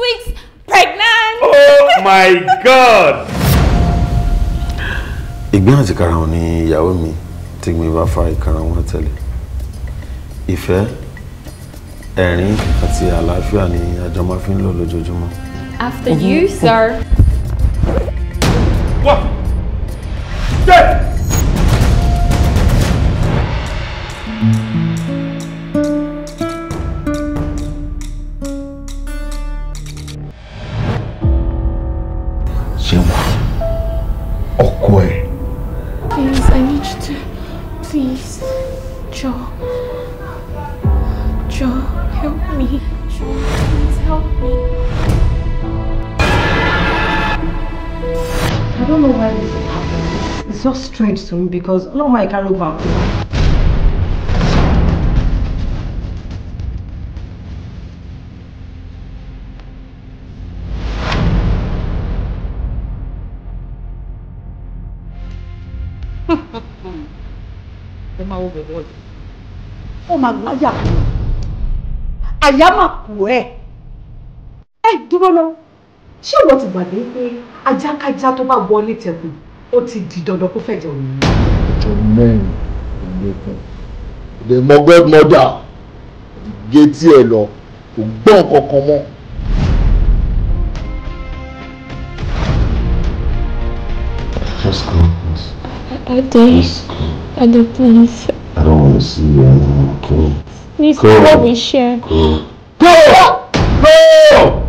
weeks pregnant. oh my god. ìgbín àti karahun ni ìyàwó mi tí mi bá fa ìkarahun àtẹ̀lé ìfẹ́ ẹ̀rín àti àlàáfíà ni àjọ máa fi ń lò lójoojúmọ́. after you sir. What? Dead! ọkọ Please, I need you to please Joe. Joe, help me jọ please help me. I don't know why this is happening. It's so strange to me because I can't bá kú. ẹ máa wo bẹ̀rẹ̀ ọ̀dọ̀ ó máa láyà kù àyà máa kù ẹ ẹ dúró lọ ṣé ìwọ ti gbàgbé pé ajákájá tó bá wọlé tẹkùn ó ti di dandan kó fẹ̀jẹ̀ òun. amen ìgbẹ́kùn lè mọ gbẹ́dmọ́dà gé ẹ lọ kò gbọ́n kankan mọ́. Let's go. birthdays at the booth. I don't want to see you anymore. Cool. This is what we share. Go! Go!